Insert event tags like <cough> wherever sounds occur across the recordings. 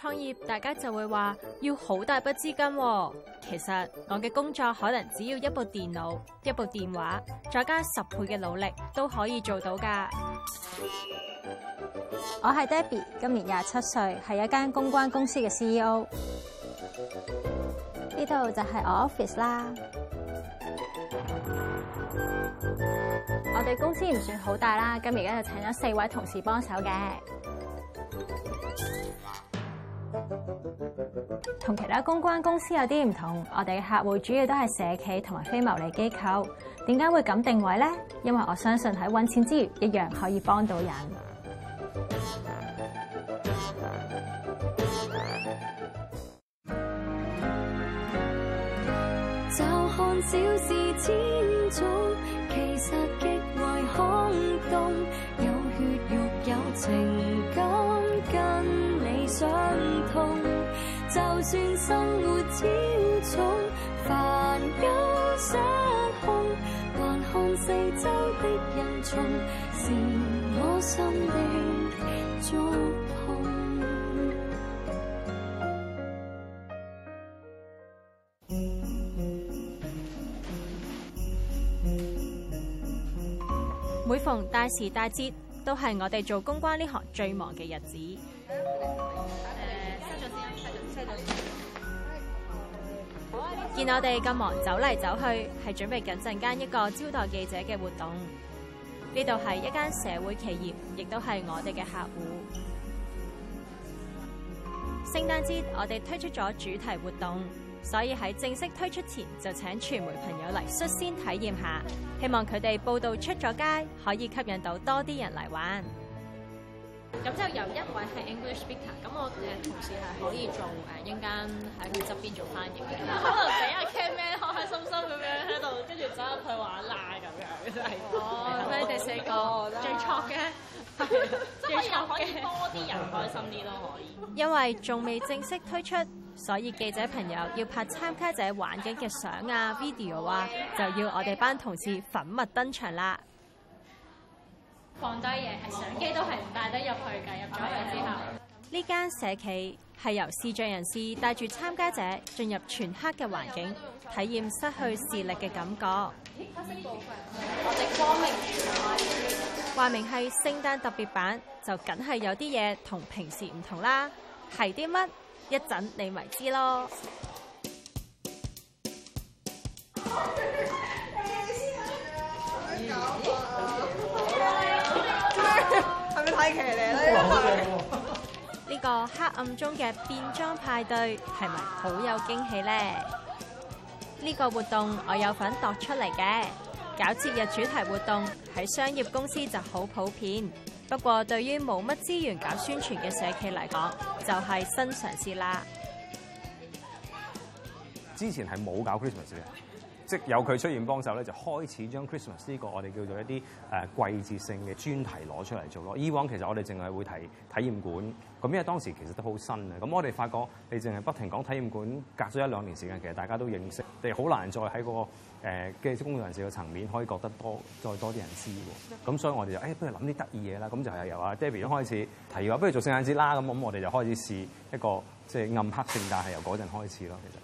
創業大家就會話要好大筆資金，其實我嘅工作可能只要一部電腦、一部電話，再加十倍嘅努力都可以做到噶。我係 Debbie，今年廿七歲，係一間公關公司嘅 CEO。呢度就係我 office 啦。我哋公司唔算好大啦，咁而家就請咗四位同事幫手嘅。同其他公關公司有啲唔同。我哋嘅客戶主要都係社企同埋非牟利機構，點解會咁定位呢？因為我相信喺揾錢之餘，一樣可以幫到人。就看小事千種，其實極為空洞，有血肉，有情感，跟你相。就算生的我心，每逢大時大節，都係我哋做公關呢行最忙嘅日子。見我哋咁忙走嚟走去，係準備緊陣間一個招待記者嘅活動。呢度係一間社會企業，亦都係我哋嘅客戶。聖誕節我哋推出咗主題活動，所以喺正式推出前就請傳媒朋友嚟率先體驗下，希望佢哋報道出咗街，可以吸引到多啲人嚟玩。咁就由一位係 English speaker，咁我誒同事係可以做誒一間喺佢側邊做翻譯嘅，可能俾阿 Ka Man 開開心心咁樣喺度，跟住走入去玩拉咁樣，真係哦，咁你哋四個最錯嘅，又可，可以多啲人開心啲囉。可以。因為仲未正式推出，所以記者朋友要拍參加者玩緊嘅相啊、video 啊，就要我哋班同事粉墨登場啦。放低嘢，相機都係唔帶得入去㗎。入咗去之後，呢 <music> 間社企係由視障人士帶住參加者進入全黑嘅環境， <music> 體驗失去視力嘅感覺。話 <music> 明係聖誕特別版，就梗係有啲嘢同平時唔同啦。係啲乜？一陣你咪知咯。呢個黑暗中嘅變裝派對係咪好有驚喜呢？呢個活動我有份度出嚟嘅。搞節日主題活動喺商業公司就好普遍，不過對於冇乜資源搞宣傳嘅社企嚟講，就係新嘗試啦。之前係冇搞 Christmas 嘅。即有佢出現幫手咧，就開始將 Christmas 呢個我哋叫做一啲誒、呃、季節性嘅專題攞出嚟做咯。以往其實我哋淨係會提體驗館，咁因為當時其實都好新嘅。咁我哋發覺你淨係不停講體驗館，隔咗一兩年時間，其實大家都認識，你好難再喺、嗰個誒嘅、呃、工作人士嘅層面可以覺得多再多啲人知喎。咁所以我哋就、欸、不如諗啲得意嘢啦。咁就係由阿 Debby 一開始提話，不如做聖誕節啦。咁我我哋就開始試一個即、即係、暗黑聖誕，係由嗰陣開始咯。其實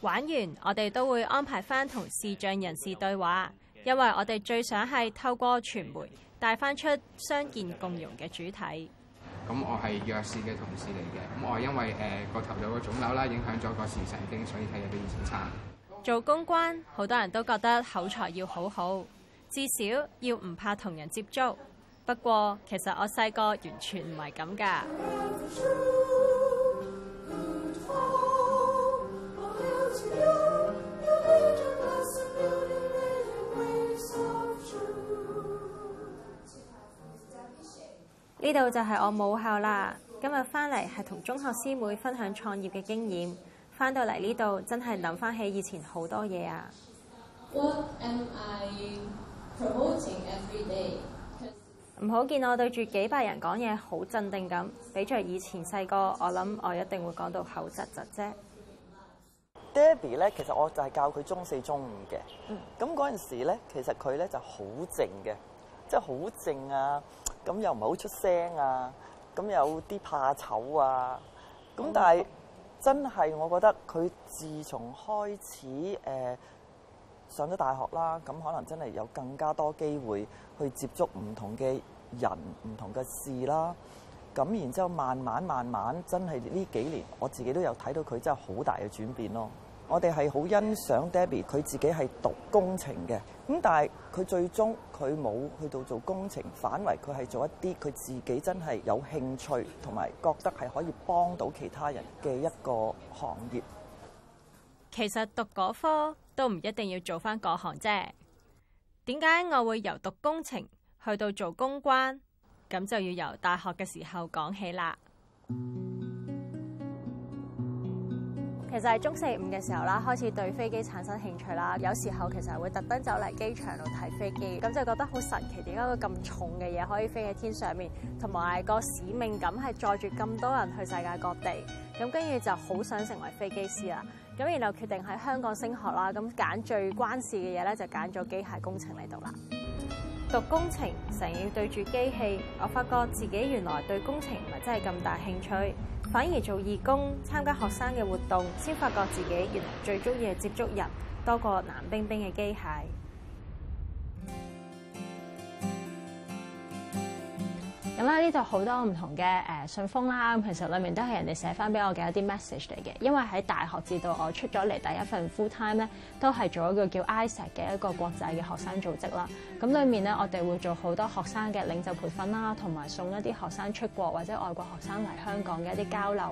玩完，我哋都會安排翻同視障人士對話，因為我哋最想係透過傳媒帶翻出傷健共融嘅主題。咁我係弱視嘅同事嚟嘅，咁我因為誒個、呃、頭有個腫瘤啦，影響咗個視神經，所以睇嘢比以前差。做公關，好多人都覺得口才要好好，至少要唔怕同人接觸。不過其實我細個完全唔係咁㗎。呢度就係我母校啦。今日翻嚟係同中學師妹分享創業嘅經驗。翻到嚟呢度，真係諗翻起以前好多嘢啊。唔好見我對住幾百人講嘢，好鎮定咁。比着以前細個，我諗我一定會講到口窒窒啫。Debby 咧，其實我就係教佢中四、中五嘅。咁嗰陣時咧，其實佢咧就好靜嘅，即係好靜啊。咁又唔係好出聲啊。咁有啲怕醜啊。咁、嗯、但係真係，我覺得佢自從開始誒、呃、上咗大學啦，咁可能真係有更加多機會去接觸唔同嘅人、唔同嘅事啦。咁然之後，慢慢慢慢，真係呢幾年，我自己都有睇到佢真係好大嘅轉變咯。我哋係好欣賞 Debby，佢自己係讀工程嘅，咁但係佢最終佢冇去到做工程，反為佢係做一啲佢自己真係有興趣同埋覺得係可以幫到其他人嘅一個行業。其實讀嗰科都唔一定要做返嗰行啫。點解我會由讀工程去到做公關？咁就要由大學嘅時候講起啦。其實係中四五嘅時候啦，開始對飛機產生興趣啦。有時候其實會特登走嚟機場度睇飛機，咁就覺得好神奇，點解個咁重嘅嘢可以飛喺天上面，同埋個使命感係載住咁多人去世界各地。咁跟住就好想成為飛機師啦。咁然後決定喺香港升學啦，咁揀最關事嘅嘢咧，就揀咗機械工程嚟讀啦。讀工程成日對住機器，我發覺自己原來對工程唔係真係咁大興趣，反而做義工、參加學生嘅活動，先發覺自己原來最中意嘅接觸人，多過冷冰冰嘅機械。咁啦，呢度好多唔同嘅誒信封啦，咁其實裏面都係人哋寫翻俾我嘅一啲 message 嚟嘅。因為喺大學至到我出咗嚟第一份 full time 咧，都係做一個叫 AIESEC 嘅一個國際嘅學生組織啦。咁裏面咧，我哋會做好多學生嘅領袖培訓啦，同埋送一啲學生出國或者外國學生嚟香港嘅一啲交流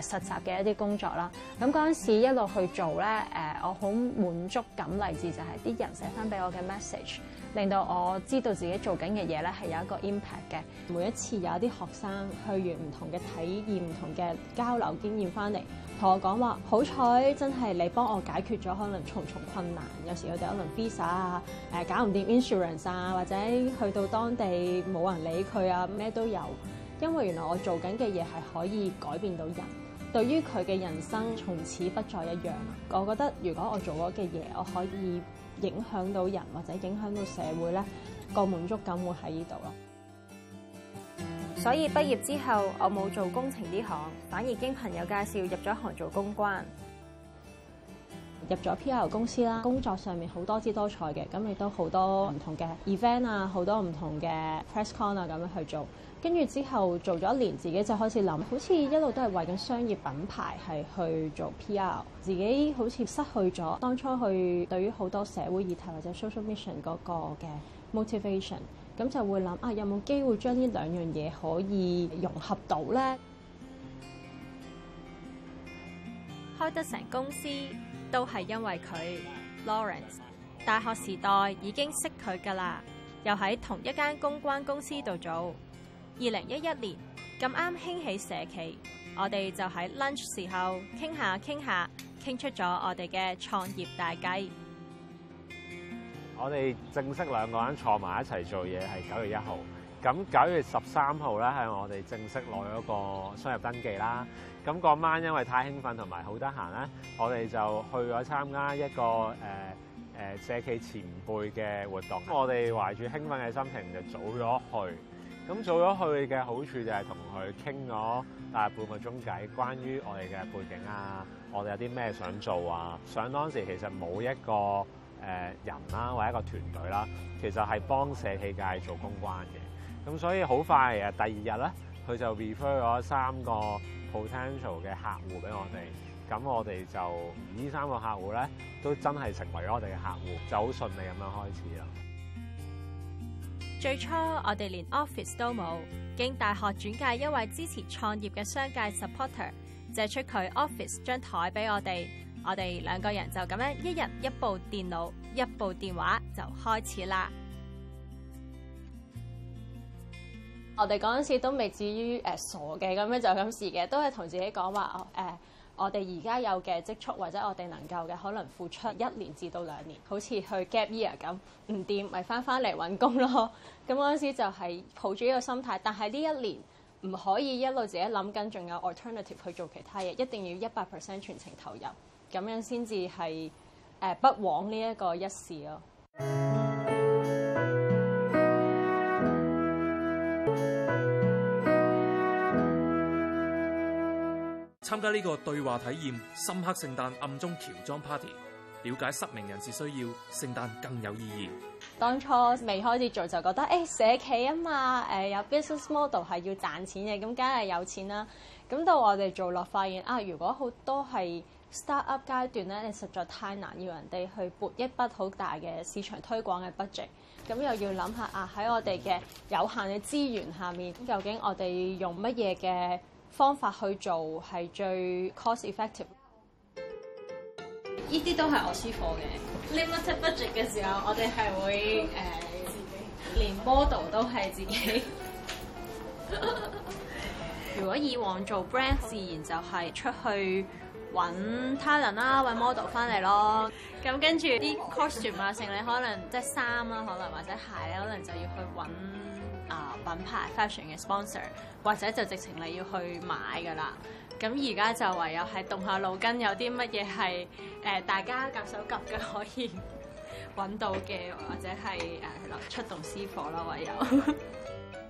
誒實習嘅一啲工作啦。咁嗰陣時一路去做咧，誒我好滿足感嚟自就係、是、啲人寫翻俾我嘅 message，令到我知道自己做緊嘅嘢咧係有一個 impact 嘅。一次有一啲學生去完唔同嘅體驗、唔同嘅交流經驗翻嚟，同我講話，好彩真係你幫我解決咗可能重重困難。有時我哋可能 visa 啊，誒搞唔掂 insurance 啊，或者去到當地冇人理佢啊，咩都有。因為原來我做緊嘅嘢係可以改變到人，對於佢嘅人生從此不再一樣。我覺得如果我做咗嘅嘢，我可以影響到人或者影響到社會咧，個滿足感會喺呢度咯。所以畢業之後，我冇做工程呢行，反而經朋友介紹入咗行做公關，入咗 PR 公司啦。工作上面好多姿多彩嘅，咁亦都好多唔同嘅 event 啊，好多唔同嘅 press con 啊，咁樣去做。跟住之後做咗一年，自己就開始諗，好似一路都係為緊商業品牌係去做 PR，自己好似失去咗當初去對於好多社會議題或者 social mission 嗰個嘅 motivation。咁就會諗啊，有冇機會將呢兩樣嘢可以融合到呢？開得成公司都係因為佢 Lawrence。大學時代已經識佢㗎啦，又喺同一間公關公司度做。二零一一年咁啱興起社企，我哋就喺 lunch 時候傾下傾下，傾出咗我哋嘅創業大計。我哋正式兩個人坐埋一齊做嘢係九月一號，咁九月十三號咧係我哋正式攞咗個商業登記啦。咁嗰晚因為太興奮同埋好得閒咧，我哋就去咗參加一個誒誒社企前輩嘅活動。我哋懷住興奮嘅心情就早咗去。咁早咗去嘅好處就係同佢傾咗大半個鐘偈，關於我哋嘅背景啊，我哋有啲咩想做啊。想當時其實冇一個。誒人啦，或者一個團隊啦，其實係幫社企界做公關嘅。咁所以好快啊，第二日咧，佢就 refer 咗三個 potential 嘅客戶俾我哋。咁我哋就呢三個客戶咧，都真係成為咗我哋嘅客戶，就好順利咁樣開始啦。最初我哋連 office 都冇，經大學轉介一位支持創業嘅商界 supporter，借出佢 office 張枱俾我哋。我哋兩個人就咁樣，一日一部電腦，一部電話就開始啦。我哋嗰陣時都未至於誒傻嘅，咁樣就咁試嘅，都係同自己講話誒。我哋而家有嘅積蓄或者我哋能夠嘅，可能付出一年至到兩年，好似去 gap year 咁，唔掂咪翻翻嚟搵工咯。咁嗰陣時就係抱住呢個心態，但係呢一年唔可以一路自己諗緊，仲有 alternative 去做其他嘢，一定要一百 percent 全程投入。咁樣先至係誒不枉呢一個一時咯、啊。參加呢個對話體驗深刻聖誕暗中喬裝 Party，了解失明人士需要聖誕更有意義。當初未開始做就覺得誒、欸、社企啊嘛，誒有 business model 係要賺錢嘅，咁梗係有錢啦。咁到我哋做落發現啊，如果好多係。startup 階段咧，你實在太難要人哋去撥一筆好大嘅市場推廣嘅 budget，咁又要諗下啊喺我哋嘅有限嘅資源下面，究竟我哋用乜嘢嘅方法去做係最 cost effective？呢啲都係我試過嘅，limit budget 嘅時候，我哋係會誒自己連 model 都係自己。如果以往做 brand，自然就係出去。揾 talent 啦，揾 model 翻嚟咯。咁跟住啲 costume 啊，剩你可能即係衫啦，可能或者鞋咧，可能就要去揾啊、呃、品牌 fashion 嘅 sponsor，或者就直情你要去買㗎喇。咁而家就唯有係動下腦筋，有啲乜嘢係誒大家夾手夾腳可以揾到嘅，或者係誒、呃、出動私夥啦，唯有。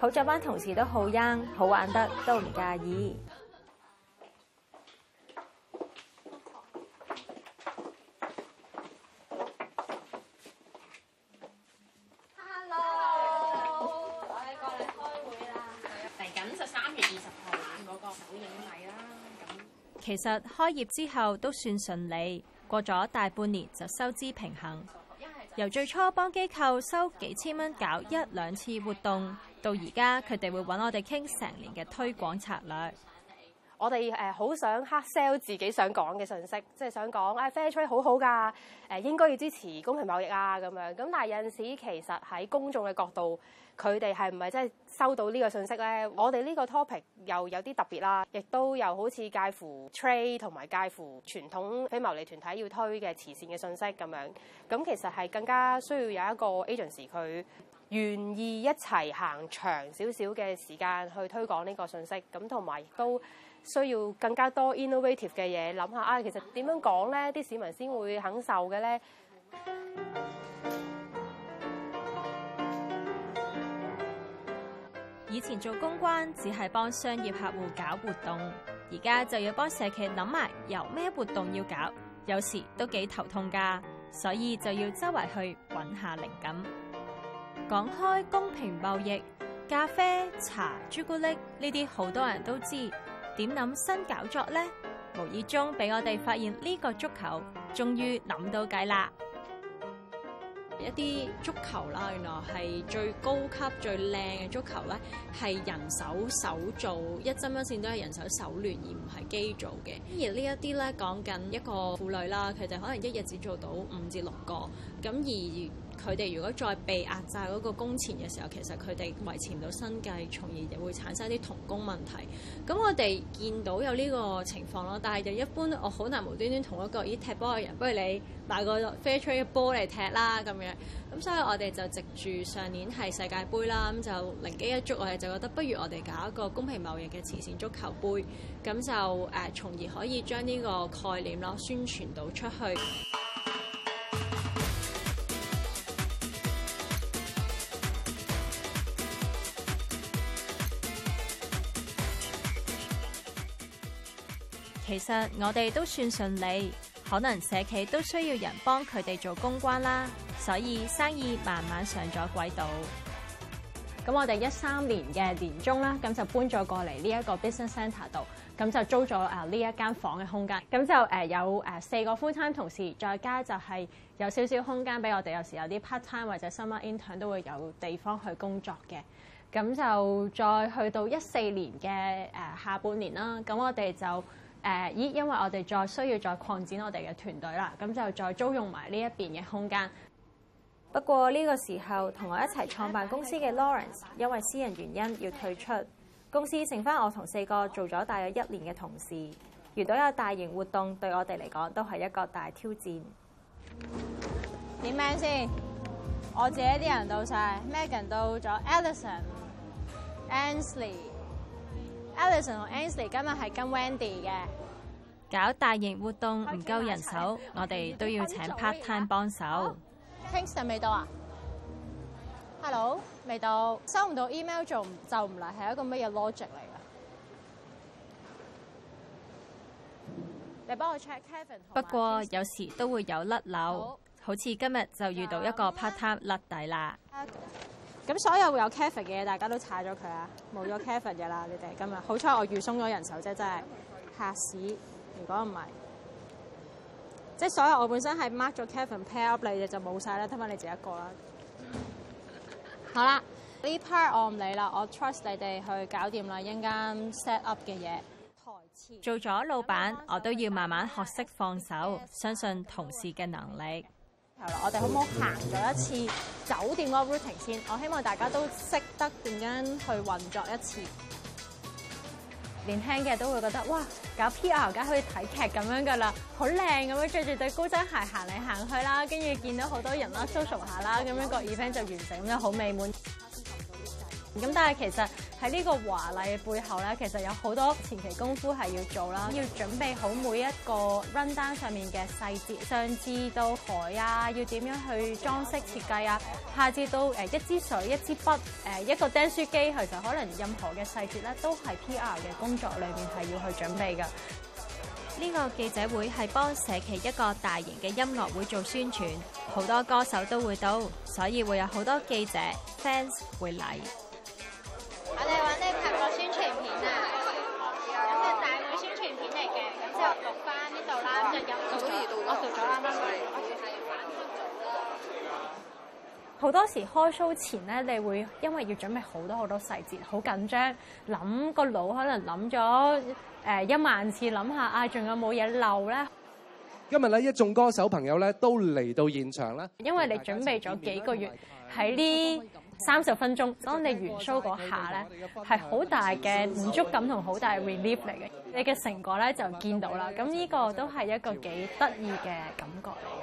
好在班同事都好 young，好玩得都唔介意。Hello, Hello. 我哋過嚟開會啦，嚟緊就三月二十號嗰個首映禮啦。咁其實開業之後都算順利，過咗大半年就收支平衡。由最初幫機構收幾千蚊搞一兩次活動，到而家，佢哋會揾我哋傾成年嘅推廣策略。我哋誒好想黑 sell 自己想講嘅信息，即係想講誒、啊、fair trade 好好㗎，誒應該要支持公平貿易啊咁樣。咁但係有陣時其實喺公眾嘅角度，佢哋係唔係真係收到呢個信息咧？我哋呢個 topic 又有啲特別啦，亦都又好似介乎 trade 同埋介乎傳統非牟利團體要推嘅慈善嘅信息咁樣。咁其實係更加需要有一個 agency 佢願意一齊行長少少嘅時間去推廣呢個信息。咁同埋亦都需要更加多 innovative 嘅嘢，諗下啊。其實點樣講呢？啲市民先會肯受嘅呢？以前做公關只係幫商業客戶搞活動，而家就要幫社企諗埋有咩活動要搞，有時都幾頭痛㗎，所以就要周圍去揾下靈感。講開公平貿易，咖啡、茶、朱古力呢啲好多人都知。點諗新搞作呢？無意中俾我哋發現呢個足球，終於諗到計啦！一啲足球啦，原來係最高級、最靚嘅足球呢，係人手手做，一針一線都係人手手聯，而唔係機做嘅。而呢一啲呢，講緊一個婦女啦，佢就可能一日只做到五至六個咁而。佢哋如果再被壓榨嗰個工錢嘅時候，其實佢哋維持唔到生計，從而就會產生啲童工問題。咁我哋見到有呢個情況咯，但係就一般，我好難無端端同一個咦踢波嘅人，不如你買個 Fairtrade 嘅波嚟踢啦咁樣。咁所以我哋就藉住上年係世界盃啦，咁就靈機一觸，我哋就覺得不如我哋搞一個公平貿易嘅慈善足球盃，咁就誒，從而可以將呢個概念咯宣傳到出去。其實我哋都算順利，可能社企都需要人幫佢哋做公關啦，所以生意慢慢上咗軌道。咁我哋一三年嘅年中啦，咁就搬咗過嚟呢一個 business centre 度，咁就租咗啊呢一間房嘅空間。咁就有四個 full time 同事，再加就係有少少空間俾我哋。有時候有啲 part time 或者 summer intern 都會有地方去工作嘅。咁就再去到一四年嘅下半年啦，咁我哋就。誒，咦，因為我哋再需要再擴展我哋嘅團隊啦，咁就再租用埋呢一邊嘅空間。不過呢個時候，同我一齊創辦公司嘅 Lawrence 因為私人原因要退出公司，剩翻我同四個做咗大約一年嘅同事。遇到有大型活動，對我哋嚟講都係一個大挑戰。點名先，我自己啲人到晒，Megan 到咗，Allison，Ansley。Alison 同 Ansel 今日係跟 Wendy 嘅，搞大型活動唔夠人手，我哋都要請 part time 幫手。Kingston 未到啊？Hello，未到，收唔到 email 做就唔嚟，係一個乜嘢 logic 嚟噶？你幫我 check Kevin。不過有時都會有甩樓，好似今日就遇到一個 part time 甩底啦。咁所有會有 Kevin 嘅嘢，大家都踩咗佢啊，冇咗 Kevin 嘅啦，你哋今日好彩，我預鬆咗人手啫，真係嚇死！如果唔係，即係所有我本身係 mark 咗 Kevin pair up 你哋就冇晒啦，睇翻你自己一個啦。 <laughs> 好啦，呢 part 我唔理啦，我 trust 你哋去搞掂啦，一間 set up 嘅嘢。台做咗老闆，我都要慢慢學識放手，相信同事嘅能力。好，我哋可唔可行咗一次酒店個 routing 先？我希望大家都識得點樣去運作一次。年輕嘅都會覺得哇，搞 PR 梗係可以睇劇咁樣噶啦，好靚咁樣，着住對高踭鞋行嚟行去啦，跟住見到好多人啦，social 下啦，咁樣個 event 就完成咁樣，好美滿。咁但係其實喺呢個華麗嘅背後咧，其實有好多前期功夫係要做啦，要準備好每一個 run down 上面嘅細節，上至到台啊，要點樣去裝飾設計啊，下至到誒一支水、一支筆、誒一個釘書機，其實可能任何嘅細節咧，都係 P.R. 嘅工作裏面係要去準備嘅。呢個記者會係幫社企一個大型嘅音樂會做宣傳，好多歌手都會到，所以會有好多記者 <laughs> fans 會嚟。我哋揾你拍個宣傳片啊，咁即係大會宣傳片嚟嘅，咁之後讀翻呢度啦，咁就咁。早啲到啦，讀咗啦，因為我哋係反覆做啦。好多時開 show 前咧，你會因為要準備好多好多細節，好緊張，諗個腦可能諗咗誒一萬次，諗下啊，仲有冇嘢漏咧？今日咧，一眾歌手朋友咧都嚟到現場啦，因為你準備咗幾個月喺呢。三十分鐘，當你完 show 嗰下咧，係好大嘅滿足感同好大 relief 嚟嘅。你嘅成果咧就見到啦。咁呢個都係一個幾得意嘅感覺嚟嘅。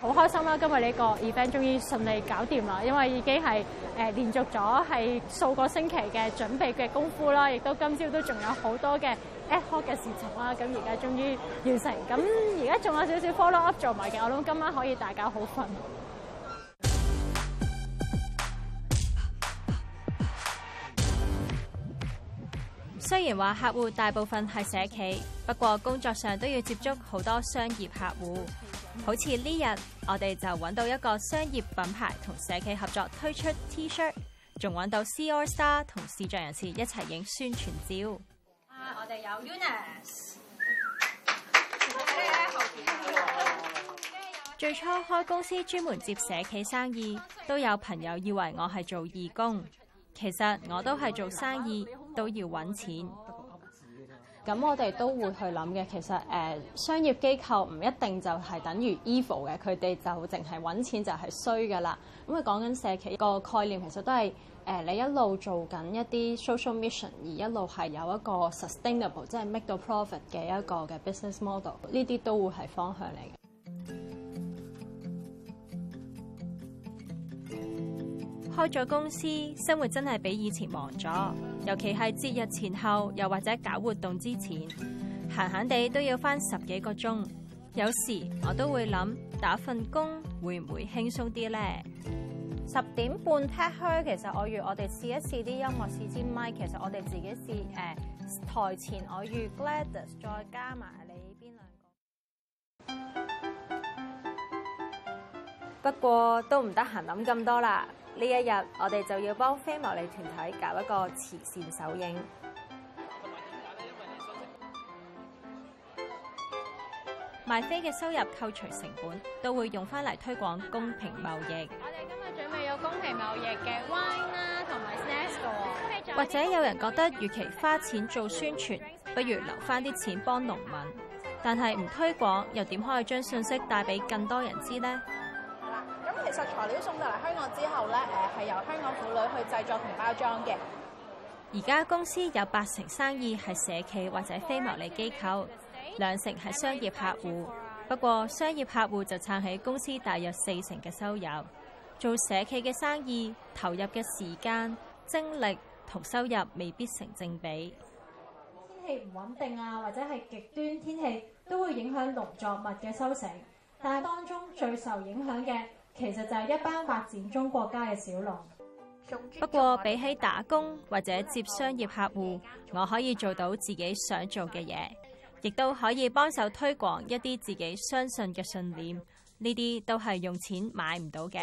好開心啦！今日呢個 event 終於順利搞掂啦，因為已經係誒連續咗係數個星期嘅準備嘅功夫啦，亦都今朝都仲有好多嘅。一科嘅事情啦，咁而家終於完成。咁而家仲有少少 follow up 做埋嘅，我諗今晚可以大家好瞓。雖然話客戶大部分係社企，不過工作上都要接觸好多商業客戶。好似呢日我哋就揾到一個商業品牌同社企合作推出 T-shirt，仲揾到 C.O.S.A r 同視像人士一齊影宣傳照。我哋有 Unice，最初開公司專門接社企生意，都有朋友以為我係做義工，其實我都係做生意，都要搵錢。咁我哋都會去諗嘅，其實、呃、商業機構唔一定就係等於 evil 嘅，佢哋就淨係揾錢就係衰噶啦。咁啊，講緊社企個概念，其實都係、呃、你一路做緊一啲 social mission，而一路係有一個 sustainable，即係 make 到 profit 嘅一個嘅 business model。呢啲都會係方向嚟嘅。開咗公司，生活真係比以前忙咗，尤其係節日前後，又或者搞活動之前，閒閒地都要返十幾個鐘。有時我都會諗，打份工會唔會輕鬆啲呢？十點半踢開，其實我預我哋試一試啲音樂，試支咪。其實我哋自己試，誒、呃，台前我預 Glades 再加埋。不過都唔得閒諗咁多啦。呢一日我哋就要幫非牟利團體搞一個慈善首映。賣飛嘅收入扣除成本，都會用翻嚟推廣公平貿易。我哋今日準備有公平貿易嘅 wine 啦，同埋 snack 嘅喎。或者有人覺得，與其花錢做宣傳，不如留翻啲錢幫農民。但係唔推廣，又點可以將信息帶俾更多人知呢？實材料送到嚟香港之後呢，誒係由香港婦女去製作同包裝嘅。而家公司有八成生意係社企或者非牟利機構，兩成係商業客戶。不過商業客戶就撐起公司大約四成嘅收入。做社企嘅生意，投入嘅時間、精力同收入未必成正比。天氣唔穩定啊，或者係極端天氣，都會影響農作物嘅收成，但係當中最受影響嘅。其實就係一班發展中國家嘅小農。不過比起打工或者接商業客戶，我可以做到自己想做嘅嘢，亦都可以幫手推廣一啲自己相信嘅信念。呢啲都係用錢買唔到嘅。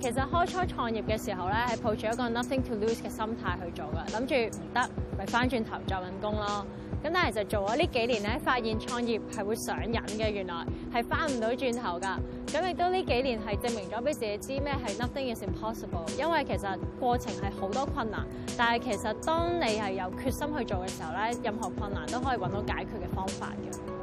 其實開初創業嘅時候咧，係抱住一個 nothing to lose 嘅心態去做㗎，諗住唔得咪翻轉頭再搵工咯。咁但係就做咗呢幾年咧，發現創業係會上癮嘅，原來係翻唔到轉頭㗎。咁亦都呢幾年係證明咗俾自己知咩係 nothing is impossible，因為其實過程係好多困難，但係其實當你係有決心去做嘅時候咧，任何困難都可以搵到解決嘅方法嘅。